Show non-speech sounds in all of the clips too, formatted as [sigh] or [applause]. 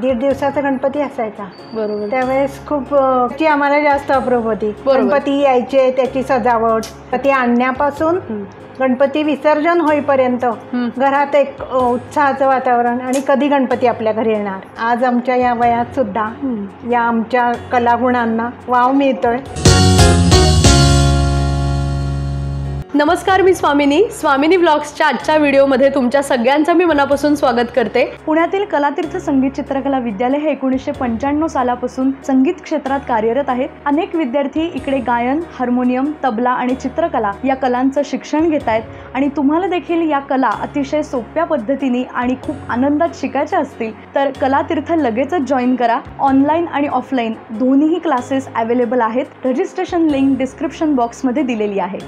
दीड दिवसाचा गणपती असायचा बरोबर त्यावेळेस खूप की ती आम्हाला जास्त अप्रूप होती गणपती यायचे त्याची सजावट ती आणण्यापासून गणपती विसर्जन होईपर्यंत घरात एक उत्साहाचं वातावरण आणि कधी गणपती आपल्या घरी येणार आज आमच्या या वयात सुद्धा या आमच्या कलागुणांना वाव मिळतोय नमस्कार मी स्वामिनी स्वामिनी ब्लॉग्सच्या आजच्या व्हिडिओमध्ये तुमच्या सगळ्यांचं मी मनापासून स्वागत करते पुण्यातील कलातीर्थ संगीत चित्रकला विद्यालय हे एकोणीसशे पंच्याण्णव सालापासून संगीत क्षेत्रात कार्यरत आहेत अनेक विद्यार्थी इकडे गायन हार्मोनियम तबला आणि चित्रकला या कलांचं शिक्षण घेत आहेत आणि तुम्हाला देखील या कला अतिशय सोप्या पद्धतीने आणि खूप आनंदात शिकायच्या असतील तर कलातीर्थ लगेचच जॉईन करा ऑनलाईन आणि ऑफलाईन दोन्हीही क्लासेस अवेलेबल आहेत रजिस्ट्रेशन लिंक डिस्क्रिप्शन बॉक्समध्ये दिलेली आहे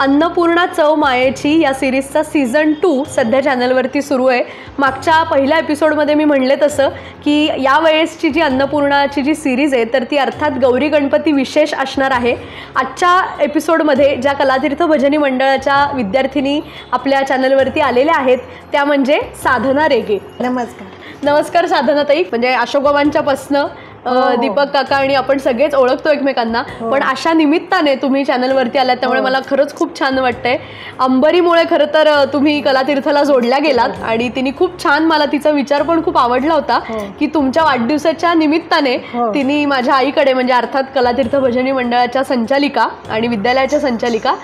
अन्नपूर्णा चव मायेची या सिरीजचा सीझन टू सध्या चॅनलवरती सुरू आहे मागच्या पहिल्या एपिसोडमध्ये मी म्हणले तसं की या वेळेसची जी अन्नपूर्णाची जी सिरीज आहे तर ती अर्थात गौरी गणपती विशेष असणार आहे आजच्या एपिसोडमध्ये ज्या कलातीर्थ भजनी मंडळाच्या विद्यार्थिनी आपल्या चॅनलवरती आलेल्या आहेत त्या म्हणजे साधना रेगे नमस्कार नमस्कार साधनाताई म्हणजे अशोकबाबांच्या हो. दीपक काका आणि आपण सगळेच ओळखतो एकमेकांना हो. पण अशा निमित्ताने तुम्ही चॅनलवरती आलात त्यामुळे हो. मला खरंच खूप छान वाटतंय अंबरीमुळे खरं तर तुम्ही कलातीर्थला जोडल्या गेलात आणि तिने खूप छान मला तिचा विचार पण खूप आवडला होता की तुमच्या वाढदिवसाच्या निमित्ताने तिने माझ्या आईकडे म्हणजे अर्थात कलातीर्थ भजनी मंडळाच्या संचालिका आणि विद्यालयाच्या संचालिका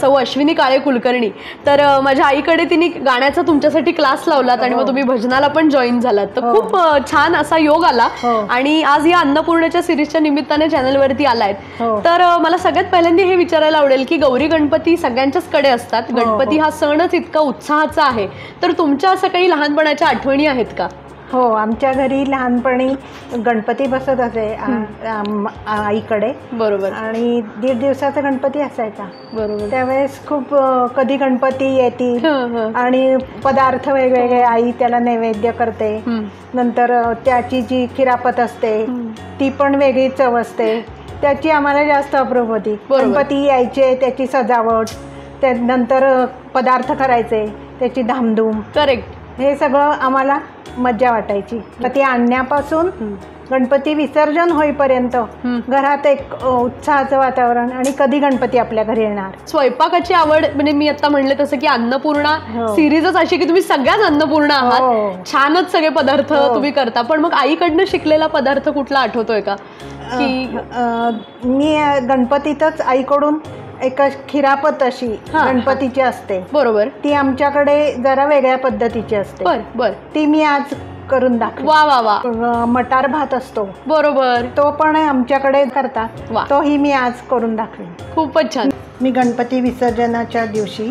सौ अश्विनी काळे कुलकर्णी तर माझ्या आईकडे तिने गाण्याचा तुमच्यासाठी क्लास लावलात आणि मग हो. तुम्ही भजनाला पण जॉईन झालात तर हो. खूप छान असा योग आला हो. आणि आज या अन्नपूर्णाच्या सिरीजच्या निमित्ताने चॅनलवरती आलायत तर मला सगळ्यात पहिल्यांदा हे विचारायला आवडेल की गौरी गणपती सगळ्यांच्याच कडे असतात गणपती हा सणच इतका उत्साहाचा आहे तर तुमच्या असं काही लहानपणाच्या आठवणी आहेत का हो आमच्या घरी लहानपणी गणपती बसत असे आईकडे बरोबर आणि दीड दिवसाचा गणपती असायचा बरोबर त्यावेळेस खूप कधी गणपती येतील आणि पदार्थ वेगवेगळे हो. आई त्याला नैवेद्य करते नंतर त्याची जी किरापत असते ती पण वेगळी चव असते त्याची आम्हाला जास्त अप्रूप होती गणपती यायचे त्याची सजावट त्या नंतर पदार्थ करायचे त्याची धामधूम करेक्ट हे सगळं आम्हाला मज्जा वाटायची तर ते आणण्यापासून गणपती विसर्जन होईपर्यंत घरात एक उत्साहाचं वातावरण आणि कधी गणपती आपल्या घरी येणार स्वयंपाकाची आवड म्हणजे मी आता म्हणले तसं की अन्नपूर्णा हो. सिरीजच अशी की तुम्ही सगळ्याच अन्नपूर्णा हो. आहात छानच सगळे पदार्थ हो. तुम्ही करता पण मग आईकडनं शिकलेला पदार्थ कुठला आठवतोय का की मी गणपतीतच आईकडून एका खिरापत अशी गणपतीची असते बरोबर ती आमच्याकडे जरा वेगळ्या पद्धतीची असते बर बर ती मी आज करून दाखव वा वा वा मटार भात असतो बरोबर तो पण आमच्याकडे वा. करतात तोही मी आज करून दाखवेन खूपच छान मी गणपती विसर्जनाच्या दिवशी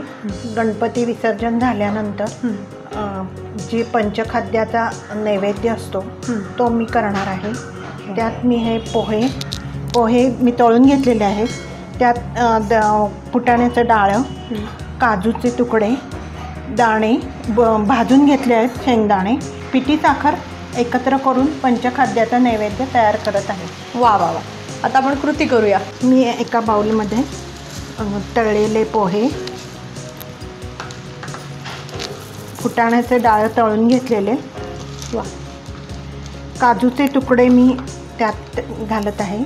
गणपती विसर्जन झाल्यानंतर जे जी पंचखाद्याचा नैवेद्य असतो तो मी करणार आहे त्यात मी हे पोहे पोहे मी तळून घेतलेले आहेत त्यात फुटाण्याचं डाळं काजूचे तुकडे दाणे ब भाजून घेतले आहेत शेंगदाणे पिठी साखर एकत्र करून पंचखाद्याचा नैवेद्य तयार करत आहे वा वा वा आता आपण कृती करूया मी एका बाऊलमध्ये तळलेले पोहे फुटाण्याचे डाळ तळून घेतलेले वा काजूचे तुकडे मी त्यात घालत आहे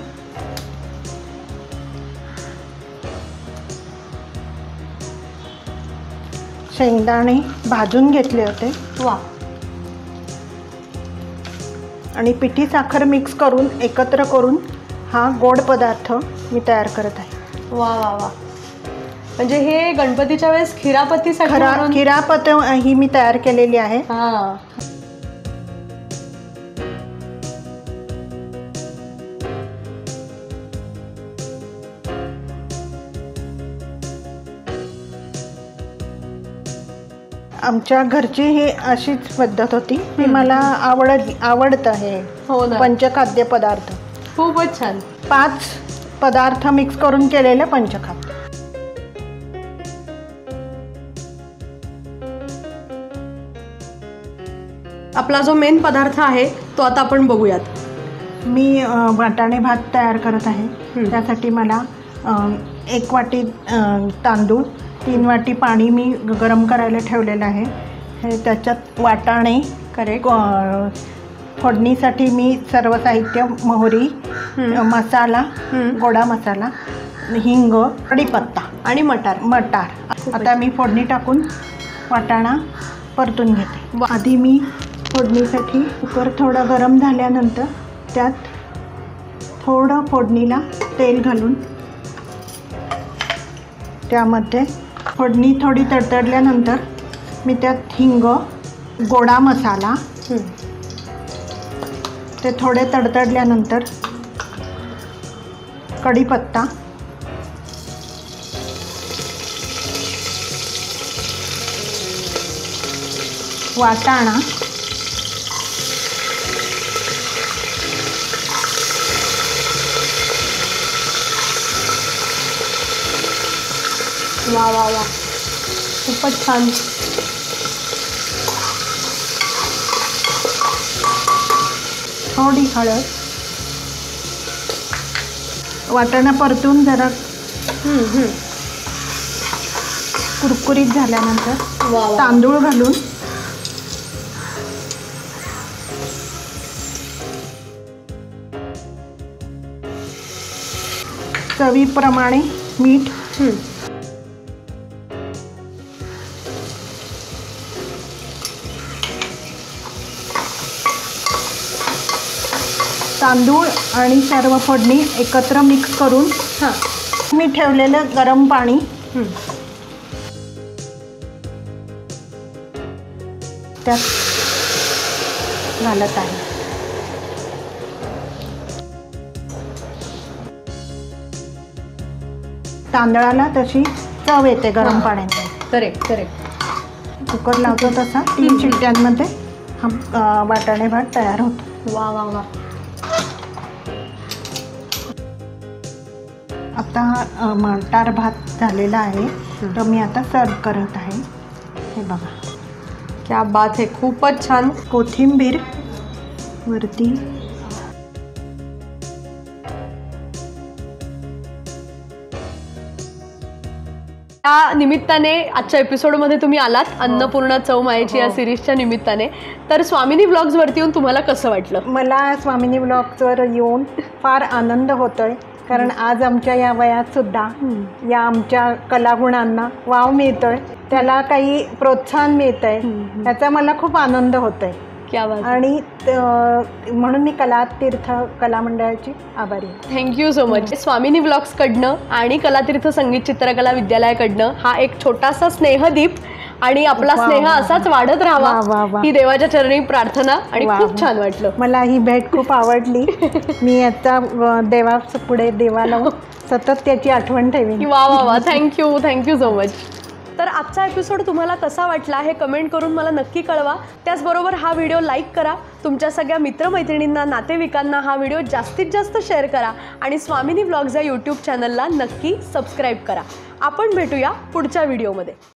शेंगदाणे भाजून घेतले होते वा आणि पिठी साखर मिक्स करून एकत्र करून हा गोड पदार्थ मी तयार करत आहे वा वा वा म्हणजे हे गणपतीच्या वेळेस खिरापती खिरापते खिरापत ही मी तयार केलेली आहे आमच्या घरची ही अशीच पद्धत होती की मला आवड आवडत आहे हो पंचखाद्य पदार्थ खूपच छान पाच पदार्थ मिक्स करून केलेले पंचखाद्य आपला जो मेन पदार्थ आहे तो आता आपण बघूयात मी वाटाणे भात तयार करत आहे त्यासाठी मला एक वाटी तांदूळ तीन वाटी पाणी मी गरम करायला ठेवलेलं आहे हे त्याच्यात वाटाणे करे फोडणीसाठी मी सर्व साहित्य मोहरी मसाला गोडा मसाला हिंग कढीपत्ता आणि मटार मटार आता मी फोडणी टाकून वाटाणा परतून घेते आधी मी फोडणीसाठी कुकर थोडं गरम झाल्यानंतर त्यात थोडं फोडणीला तेल घालून त्यामध्ये फोडणी थोडी तडतडल्यानंतर मी त्यात हिंग गोडा मसाला ते थोडे तडतडल्यानंतर कढीपत्ता वाटाणा वा वा वा खूपच छान थोडी हळद वाटाणा परतून जरा कुरकुरीत झाल्यानंतर तांदूळ घालून चवीप्रमाणे मीठ तांदूळ आणि सर्व फोडणी एकत्र मिक्स करून हां मी ठेवलेलं गरम पाणी त्यात घालत आहे तांदळाला तशी चव येते गरम पाण्याची करेक्ट करेक्ट कुकर लावतो तसा तीन चिमट्यांमध्ये हा वाटाणे भात तयार होतो वा वा वा आता तार भात झालेला आहे तर मी आता सर्व करत आहे हे बघा क्या बात आहे खूपच छान कोथिंबीर वरती त्या निमित्ताने आजच्या एपिसोडमध्ये तुम्ही आलात हो. अन्नपूर्णा चव मायेची या सिरीजच्या हो. निमित्ताने तर स्वामिनी ब्लॉग्सवरती येऊन तुम्हाला कसं वाटलं मला स्वामिनी ब्लॉग्सवर येऊन फार आनंद होतोय कारण आज आमच्या या वयात सुद्धा या आमच्या कलागुणांना वाव मिळतोय त्याला काही प्रोत्साहन मिळत आहे त्याचा मला खूप आनंद होत आहे आणि म्हणून मी कला तीर्थ कला मंडळाची आभारी थँक्यू सो मच स्वामिनी कडनं आणि कलातीर्थ संगीत चित्रकला विद्यालयाकडनं हा एक छोटासा स्नेहदीप आणि आपला स्नेह असाच वाढत राहावा ही देवाच्या चरणी प्रार्थना आणि खूप छान वाटलं मला ही भेट खूप आवडली [laughs] मी आता देवा पुढे देवाला हो. सतत त्याची आठवण ठेवी वा वा वा थँक्यू थँक्यू सो मच तर आजचा एपिसोड तुम्हाला कसा वाटला हे कमेंट करून मला नक्की कळवा त्याचबरोबर हा व्हिडिओ लाईक करा तुमच्या सगळ्या मित्रमैत्रिणींना नातेवाईकांना हा व्हिडिओ जास्तीत जास्त शेअर करा आणि स्वामिनी ब्लॉग्स या यूट्यूब चॅनलला नक्की सबस्क्राईब करा आपण भेटूया पुढच्या व्हिडिओमध्ये